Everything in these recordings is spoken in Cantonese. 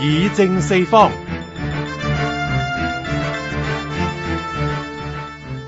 議政四方。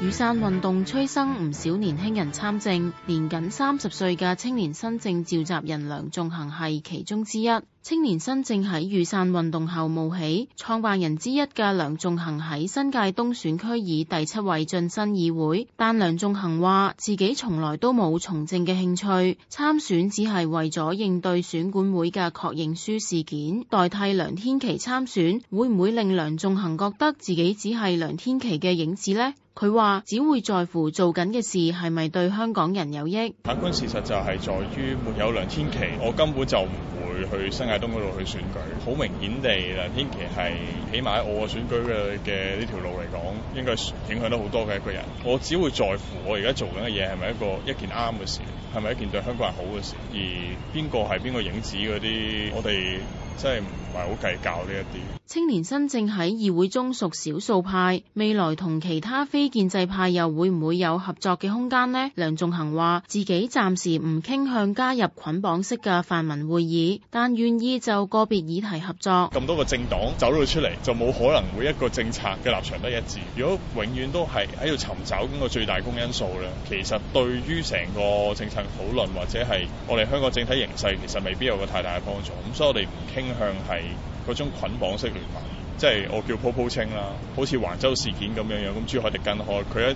雨傘運動催生唔少年輕人參政，年僅三十歲嘅青年新政召集人梁頌恆係其中之一。青年新政喺雨傘運動後冒起，創辦人之一嘅梁頌恆喺新界東選區以第七位晉身議會。但梁頌恆話自己從來都冇從政嘅興趣，參選只係為咗應對選管會嘅確認書事件。代替梁天琦參選，會唔會令梁頌恆覺得自己只係梁天琦嘅影子咧？佢話只會在乎做緊嘅事係咪對香港人有益。客觀事實就係在於沒有梁天琦，我根本就唔會去泰東嗰度去選舉，好明顯地梁天琦係起碼喺我嘅選舉嘅嘅呢條路嚟講，應該影響得好多嘅一個人。我只會在乎我而家做緊嘅嘢係咪一個一件啱嘅事，係咪一件對香港人好嘅事。而邊個係邊個影子嗰啲，我哋。真係唔係好計較呢一啲。青年新政喺議會中屬少數派，未來同其他非建制派又會唔會有合作嘅空間呢？梁頌恆話：自己暫時唔傾向加入捆綁式嘅泛民會議，但願意就個別議題合作。咁多個政黨走咗出嚟，就冇可能每一個政策嘅立場得一致。如果永遠都係喺度尋找嗰個最大公因素咧，其實對於成個政策討論或者係我哋香港整體形勢，其實未必有個太大嘅幫助。咁所以我哋唔傾傾向係嗰種捆綁式聯盟，即係我叫鋪鋪清啦，好似橫洲事件咁樣樣，咁朱凱廸跟開，佢一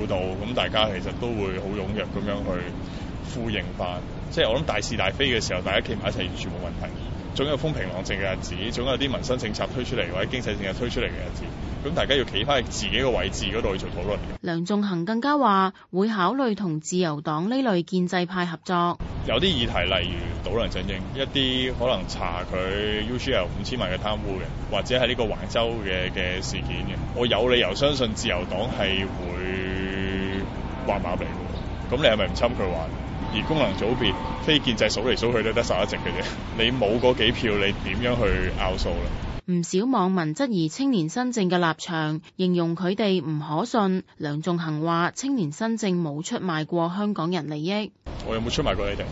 叫到，咁大家其實都會好踴躍咁樣去呼應翻。即係我諗大是大非嘅時候，大家企埋一齊完全冇問題。總有風平浪靜嘅日子，總有啲民生政策推出嚟，或者經濟政策推出嚟嘅日子。咁大家要企翻喺自己嘅位置嗰度去做討論。梁頌恆更加話會考慮同自由黨呢類建制派合作。有啲議題，例如倒梁振英，一啲可能查佢 UCL 五千萬嘅貪污嘅，或者喺呢個橫洲嘅嘅事件嘅，我有理由相信自由黨係會話馬嚟嘅。咁你係咪唔侵佢話？而功能組別，非建制數嚟數去都得十一席嘅啫，你冇嗰幾票，你點樣去拗數咧？唔少網民質疑青年新政嘅立場，形容佢哋唔可信。梁頌恆話：青年新政冇出賣過香港人利益。我有冇出賣過你哋？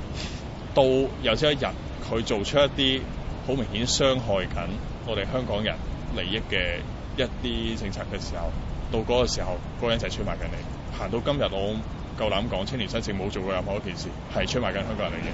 到有朝一日佢做出一啲好明顯傷害緊我哋香港人利益嘅一啲政策嘅時候，到嗰個時候，嗰個人就係出賣緊你。行到今日，我夠膽講，青年新政冇做過任何一件事係出賣緊香港人利益。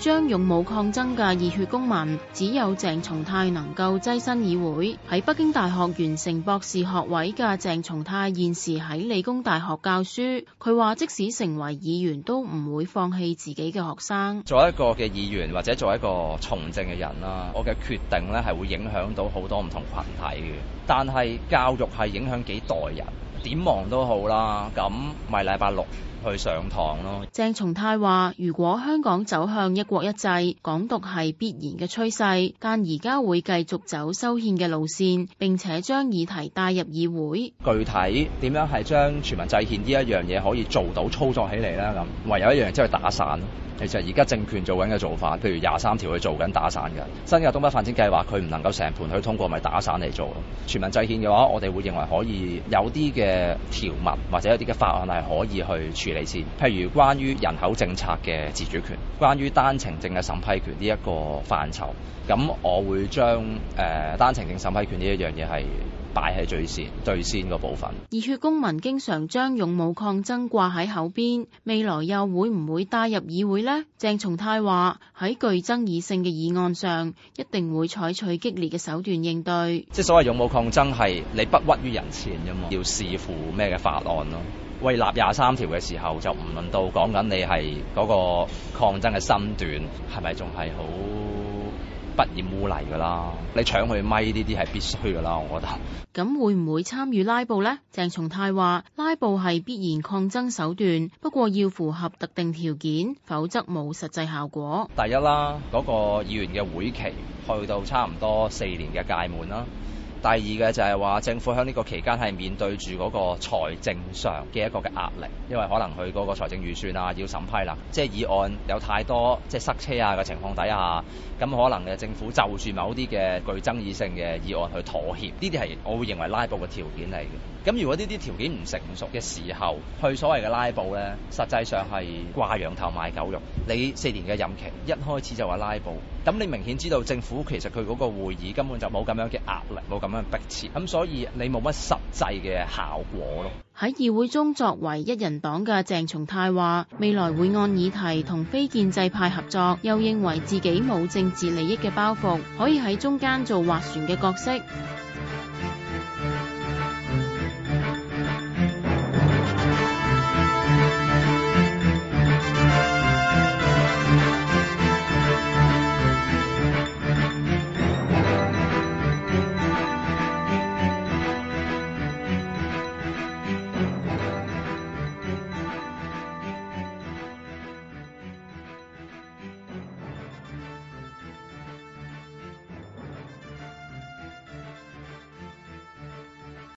將勇武抗爭嘅熱血公民，只有鄭松泰能夠躋身議會。喺北京大學完成博士學位嘅鄭松泰，現時喺理工大學教書。佢話即使成為議員，都唔會放棄自己嘅學生。作為一個嘅議員或者作為一個從政嘅人啦，我嘅決定咧係會影響到好多唔同群體嘅。但係教育係影響幾代人，點忙都好啦。咁，咪禮拜六。去上堂咯。鄭松泰話：如果香港走向一國一制，港獨係必然嘅趨勢，但而家會繼續走修憲嘅路線，並且將議題帶入議會。具體點樣係將全民制憲呢一樣嘢可以做到操作起嚟呢？咁唯有一樣即係打散。其實而家政權做緊嘅做法，譬如廿三條去做緊打散㗎，新嘅東北發展計劃佢唔能夠成盤去通過，咪打散嚟做咯。全民制憲嘅話，我哋會認為可以有啲嘅條文或者有啲嘅法案係可以去嚟先，譬如關於人口政策嘅自主權，關於單程證嘅審批權呢一個範疇，咁我會將誒、呃、單程證審批權呢一樣嘢係擺喺最先、最先嗰部分。熱血公民經常將勇武抗爭掛喺口邊，未來又會唔會帶入議會呢？鄭松泰話：喺具爭議性嘅議案上，一定會採取激烈嘅手段應對。即係所謂勇武抗爭係你不屈於人前啫嘛，要視乎咩嘅法案咯。為立廿三條嘅時候，就唔論到講緊你係嗰個抗爭嘅身段，係咪仲係好不染污泥㗎啦？你搶佢咪呢啲係必須㗎啦，我覺得。咁會唔會參與拉布咧？鄭松泰話：拉布係必然抗爭手段，不過要符合特定條件，否則冇實際效果。第一啦，嗰、嗰個議員嘅會期去到差唔多四年嘅屆滿啦。第二嘅就係話，政府喺呢個期間係面對住嗰個財政上嘅一個嘅壓力，因為可能佢嗰個財政預算啊要審批啦，即係議案有太多即係塞車啊嘅情況底下，咁可能嘅政府就住某啲嘅具爭議性嘅議案去妥協，呢啲係我會認為拉布嘅條件嚟嘅。咁如果呢啲條件唔成熟嘅時候，去所謂嘅拉布呢，實際上係掛羊頭賣狗肉。你四年嘅任期一開始就話拉布。咁你明顯知道政府其實佢嗰個會議根本就冇咁樣嘅壓力，冇咁樣迫切，咁所以你冇乜實際嘅效果咯。喺議會中作為一人黨嘅鄭松泰話，未來會按議題同非建制派合作，又認為自己冇政治利益嘅包袱，可以喺中間做划船嘅角色。